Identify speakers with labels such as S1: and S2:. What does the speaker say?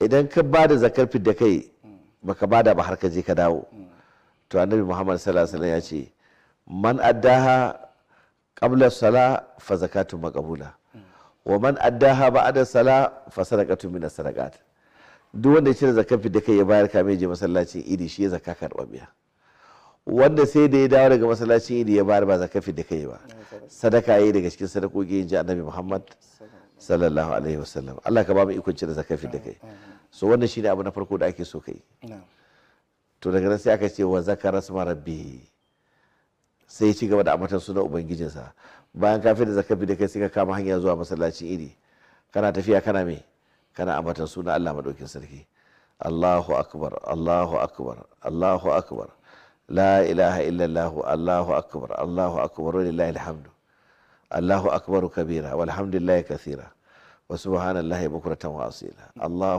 S1: idan ka ba da zakar fidda kai baka ba da ba har ka je ka dawo to annabi muhammad sallallahu alaihi ya ce man addaha qabla sala fa zakatun maqbula wa man addaha ba'da sala fa sadaqatu min sadaqat duk wanda ya cire zakar fidda kai ya bayar kame je masallacin idi shi ya zakka biya wanda sai da ya dawo daga masallacin idi ya bayar ba zakar fidda kai ba sadaka yayi daga cikin sadakoki ji annabi muhammad sallallahu alaihi wasallam Allah ka ba mu ikon da zakafi da kai so wannan shine abu na farko da ake so kai to daga nan sai aka ce wa zakara sama rabbi sai ci gaba da amatan sunan ubangijinsa bayan ka da zakafi da kai sai ka kama hanya zuwa masallacin iri kana tafiya kana me kana amatar suna Allah madaukin sarki Allahu akbar Allahu akbar Allahu akbar la ilaha illallah Allahu akbar Allahu akbar wa lillahi alhamdu Allahu akbaru kabira walhamdulilahi kathira wa subhanallahi bukratan wa